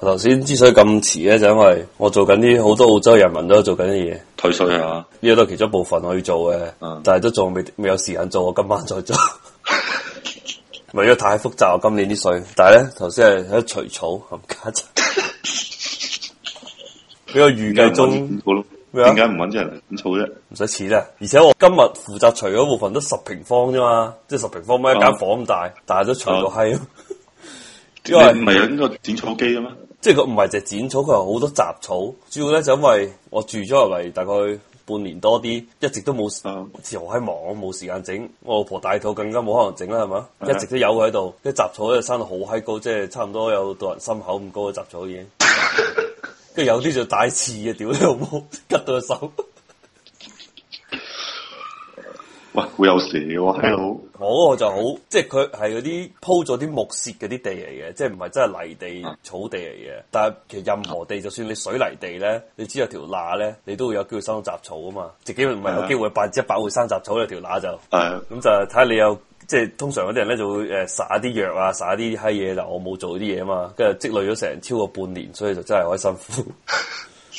頭先之所以咁遲咧，就因為我做緊啲好多澳洲人民都做緊啲嘢退稅啊，呢個都係其中一部分我要做嘅，但係都仲未未有時間做，我今晚再做。唔係因為太複雜啊，我今年啲稅。但係咧頭先係喺除草，你話預計中個咩啊？點解唔搵啲人嚟剪草啫？唔使錢啦！而且我今日負責除嗰部分都十平方啫嘛，即係十平方咩？一間房咁大，但係都除到閪。因為你唔係用個剪草機嘅咩？即係佢唔係只剪草，佢有好多雜草。主要咧就是、因為我住咗入嚟大概半年多啲，一直都冇自由喺忙，冇時間整。我老婆大肚更加冇可能整啦，係嘛？嗯、一直都有佢喺度，啲雜草咧生到好閪高，即係差唔多有到人心口咁高嘅雜草已經。跟住 有啲就帶刺嘅，屌你老母，吉到手。會有蛇喎，Hello！我就好，即係佢係嗰啲鋪咗啲木屑嗰啲地嚟嘅，即係唔係真係泥地、嗯、草地嚟嘅。但係其實任何地，嗯、就算你水泥地咧，你只要有條罅咧，你都會有機會生雜草啊嘛。自己唔係有機會百分之一百會生雜草，有條罅就係咁、嗯嗯、就睇下你有即係通常嗰啲人咧就會誒撒啲藥啊、撒啲閪嘢，但我冇做啲嘢啊嘛，跟住積累咗成超過半年，所以就真係好辛苦。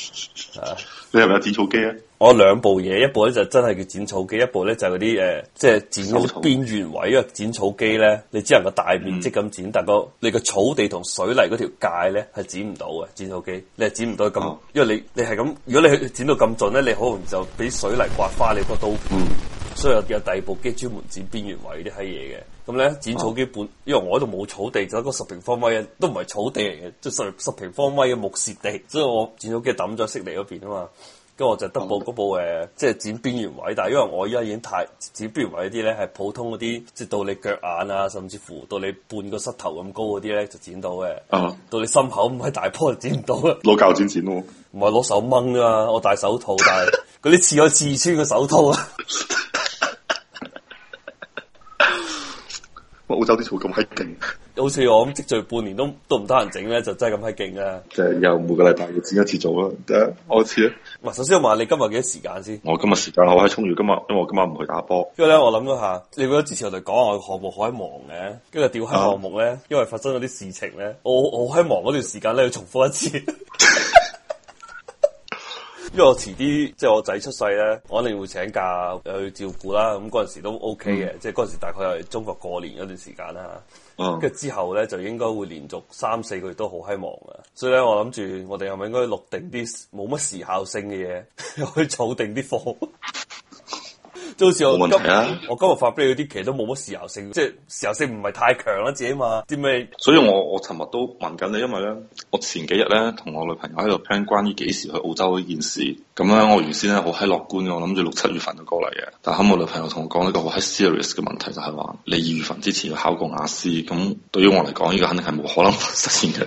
啊！Uh, 你係咪有剪草機啊？我有兩部嘢，一部咧就真係叫剪草機，一部咧就嗰啲誒，即、呃、係、就係、剪到邊緣位。草因為剪草機咧，你只能夠大面積咁剪，嗯、但係、個你個草地同水泥嗰條界咧係剪唔到嘅。剪草機你係剪唔到咁，啊、因為你你係咁，如果你去剪到咁盡咧，你好容易就俾水泥刮花你個刀。嗯。所以有第二部機專門剪邊緣位啲閪嘢嘅，咁咧剪草機半，啊、因為我喺度冇草地，就一個十平方米，嘅，都唔係草地嚟嘅，即十十平方米嘅木屑地，所以我剪草機抌咗悉尼嗰邊啊嘛，跟住我就得部嗰、嗯、部誒，即、就、係、是、剪邊緣位，但係因為我而家已經太剪邊緣位啲咧，係普通嗰啲，即到你腳眼啊，甚至乎到你半個膝頭咁高嗰啲咧，就剪到嘅，啊、到你心口唔係大波就剪唔到啊，攞鉸剪剪咯，唔係攞手掹啊，我戴手套，但係嗰啲刺咗刺穿嘅手套啊。 澳洲啲草咁閪勁，好似我咁積聚半年都都唔得人整咧，就真係咁閪勁啊！就又每個禮拜要剪一次草咯，第一次咧。唔係，首先我問下你今日幾多時間先？我今日時間我喺充裕今日，因為我今晚唔去打波。跟住咧，我諗咗下，你覺得之前我哋講下我嘅項目，目好喺忙嘅，跟住掉喺項目咧，因為發生咗啲事情咧，我我喺忙嗰段時間咧要重複一次。 因為我遲啲即係我仔出世咧，我肯定會請假去照顧啦。咁嗰陣時都 OK 嘅，嗯、即係嗰陣時大概係中國過年嗰段時間啦。跟住、嗯、之後咧就應該會連續三四個月都好希望噶，所以咧我諗住我哋係咪應該錄定啲冇乜時效性嘅嘢 去儲定啲貨？到時候我今日、啊、發俾你嗰啲，其實都冇乜時效性，即係時效性唔係太強啦，自己嘛知咩。所以我我尋日，都問緊你，因為咧，我前幾日咧同我女朋友喺度 plan 關於幾時去澳洲呢件事。咁咧，我原先咧好閪樂觀嘅，我諗住六七月份就過嚟嘅。但係我女朋友同我講一個好閪 serious 嘅問題，就係、是、話你二月份之前要考個雅思，咁對於我嚟講，呢、這個肯定係冇可能實現嘅。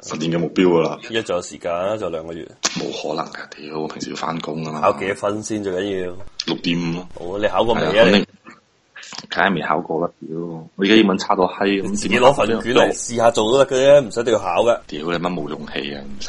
十年嘅目標噶啦，一仲有時間，仲有兩個月，冇可能嘅。屌，我平時要翻工噶嘛，考幾多分先最緊要？六點五咯，你考過未？肯定，睇下未考過啦。屌，我而家英文差到閪咁，自己攞份卷嚟試下做都得佢啫，唔使一定要考嘅。屌你乜冇勇氣啊？唔使。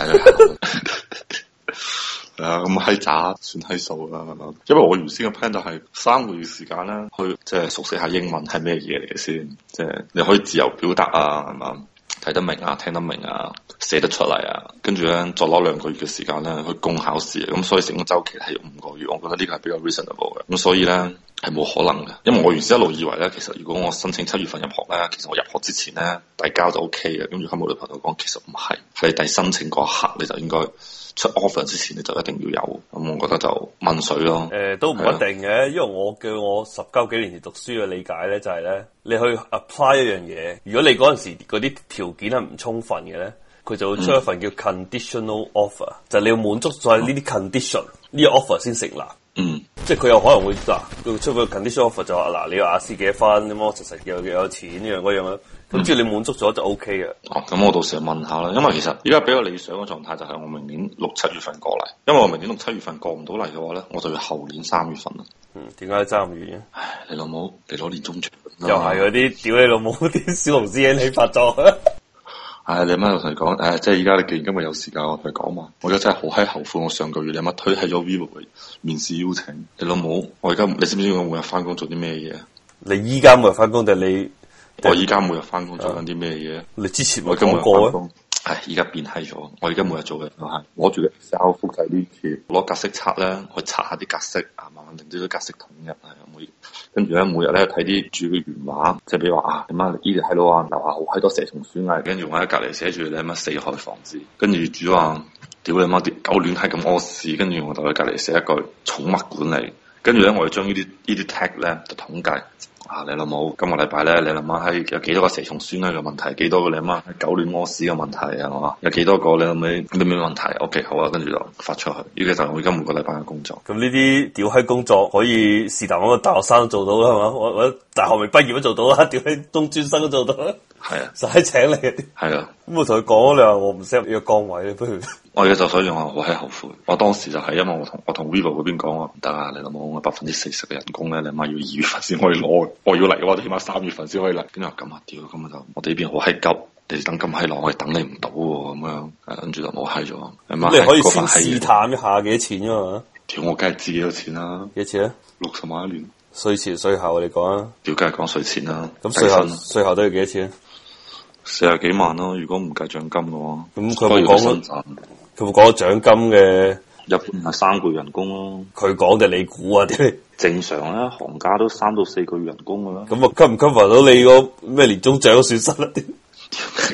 係啊，咁閪渣，算閪數啦，係嘛？因為我原先嘅 plan 就係三個月時間啦，去即係熟悉下英文係咩嘢嚟嘅先，即係你可以自由表達啊，係嘛？睇得明啊，聽得明啊，寫得出嚟啊，跟住咧再攞兩個月嘅時間咧去共考試咁、嗯、所以成個周期係五個月，我覺得呢個係比較 reasonable 嘅，咁、嗯、所以咧。係冇可能嘅，因為我原先一路以為咧，其實如果我申請七月份入學咧，其實我入學之前咧遞交就 OK 嘅。跟住咁我女朋友講，其實唔係，係你申請嗰刻你就應該出 offer 之前你就一定要有。咁我覺得就問水咯。誒、呃，都唔一定嘅是的，因為我叫我十九幾年前讀書嘅理解咧，就係、是、咧，你去 apply 一樣嘢，如果你嗰陣時嗰啲條件係唔充分嘅咧，佢就會出一份叫 conditional offer，、嗯、就你要滿足晒呢啲 condition，呢、嗯、個 offer 先成立。嗯，即係佢有可能會嗱，佢、啊、出個 condition offer 就話嗱，你阿 Sir 幾多分咁樣，實實有有錢呢樣嗰樣咯，咁即係你滿足咗就 OK 嘅。哦、啊，咁我到時候問下啦，因為其實而家比較理想嘅狀態就係我明年六七月份過嚟，因為我明年六七月份過唔到嚟嘅話咧，我就要後年三月份啦。嗯，點解差咁遠嘅？你老母，你攞年中獎，啊、又係嗰啲屌你老母啲小紅書引起發作。 係、哎、你阿媽同你講，誒、哎，即係依家你既然今日有時間，我同你講嘛，我而家真係好閪後悔，我上個月你阿媽推棄咗 Vivo 嘅面試邀請，你老母，我而家你知唔知我每日翻工做啲咩嘢？你依家每日翻工定係你？我依家每日翻工做緊啲咩嘢？你之前冇講過。係，而家、哎、變閪咗。我而家每日做嘅都係攞住膠複製啲字，攞格式刷咧，我去刷下啲格式，啊，慢慢定啲啲格式統一啊，咁跟住咧，每日咧睇啲主嘅原話，即係比如話啊，你媽呢度睇到啊，又話好閪多蛇蟲鼠蟻，跟住我喺隔離寫住你乜四害防治？」跟住主話，屌你媽啲狗亂閪咁屙屎，跟住我就喺隔離寫一句寵物管理，跟住咧我就將呢啲呢啲 tag 咧就統計。啊，你老母，今個禮拜咧，你阿媽係有幾多個蛇蟲酸啊嘅問題？幾多個你阿媽係狗亂屙屎嘅問題係嘛？有幾多個你阿妹你咩問題？OK，好啊，跟住就發出去，呢個就係我今個禮拜嘅工作。咁呢啲屌閪工作可以是但我個大學生做到啦係嘛？我我大學未畢業都做到啊，屌閪中專生都做到。 係啊，使請你一啲，係啦、啊。咁我同佢講，你話我唔適合呢個崗位咧，不如 我而家就所以話好閪後悔。我當時就係因為我同我同 vivo 嗰邊講，我唔得啊！你老母我百分之四十嘅人工咧，你阿媽要二月份先可以攞，我要嚟我哋起碼三月份先可以嚟。邊度咁啊？屌，咁就我哋呢邊好閪急，你等咁閪耐，我係等你唔到喎，咁樣，跟住就冇閪咗。你，你可以先試探一下幾錢噶嘛？屌，我梗係知幾多錢啦。幾錢啊？幾多錢啊？六十萬一年，稅前稅後你講啊？屌、啊，梗係講稅前啦、啊。咁稅後稅、啊、後都要幾多錢？四十幾萬咯，如果唔計獎金嘅話，咁佢會講佢會講獎金嘅，一般係三個月人工咯。佢講嘅你估啊？啲正常啦，行家都三到四個月人工噶啦。咁啊，cover 唔 cover 到你個咩年終獎損失咧？屌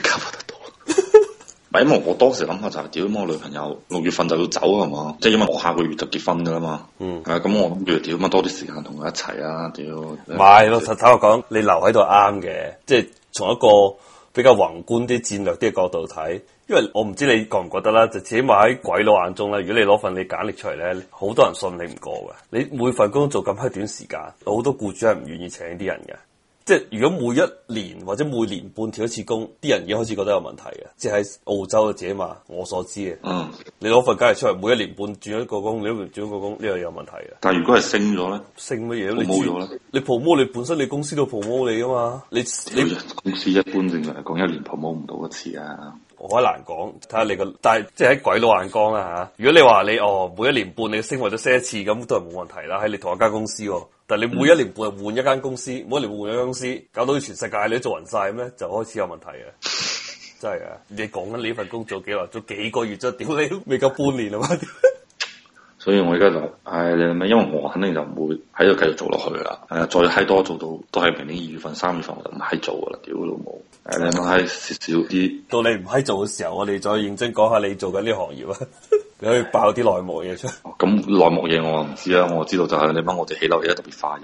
，cover 得到？唔係， 因為我當時諗下就係、是，屌，我女朋友六月份就要走係嘛，即係、嗯、因為我下個月就結婚噶啦嘛。嗯，係咁我諗住屌，咪多啲時間同佢一齊啊，屌、嗯。唔係，老實坦白講，你留喺度啱嘅，即係從 一個。比較宏觀啲戰略啲嘅角度睇，因為我唔知你覺唔覺得啦，就起碼喺鬼佬眼中咧，如果你攞份你簡歷出嚟咧，好多人信你唔過嘅。你每份工做咁閪短時間，好多僱主係唔願意請啲人嘅。即係如果每一年或者每年半跳一次工，啲人已經開始覺得有問題嘅。即係澳洲嘅啫嘛，我所知嘅。嗯，你攞份假嚟出嚟，每一年半轉一個工，你都轉一個工，呢個有問題嘅。但係如果係升咗咧，升乜嘢？你冇咗咧，你 promote 你本身你公司都 promote 你噶嘛？你你公司一般正常嚟講，一年 promote 唔到一次啊。我好難講，睇下你個，但係即係喺鬼佬眼光啦嚇、啊。如果你話你哦每一年半你升或者升一次咁都係冇問題啦，喺你同一間公司但係你每一年半日換一間公司。嗯、每一年換一間公司，搞到全世界你都做勻晒咩？就開始有問題啊！ 真係啊！你講緊你呢份工做幾耐？做幾個月啫！屌，你都未夠半年啊嘛！ 所以我而家就唉、哎，你咪，因為我肯定就唔會喺度繼續做落去啦。誒、啊，再喺多做到都係明年二月份、三月份我就唔喺做啦。屌老母！誒、哎，咪係少啲。到你唔喺做嘅時候，我哋再認真講下你做緊呢行業啊。 你可以爆啲內幕嘢出嚟，嗯，咁內幕嘢我唔知啦，我知道就係、是、你幫我哋起樓起得特別快。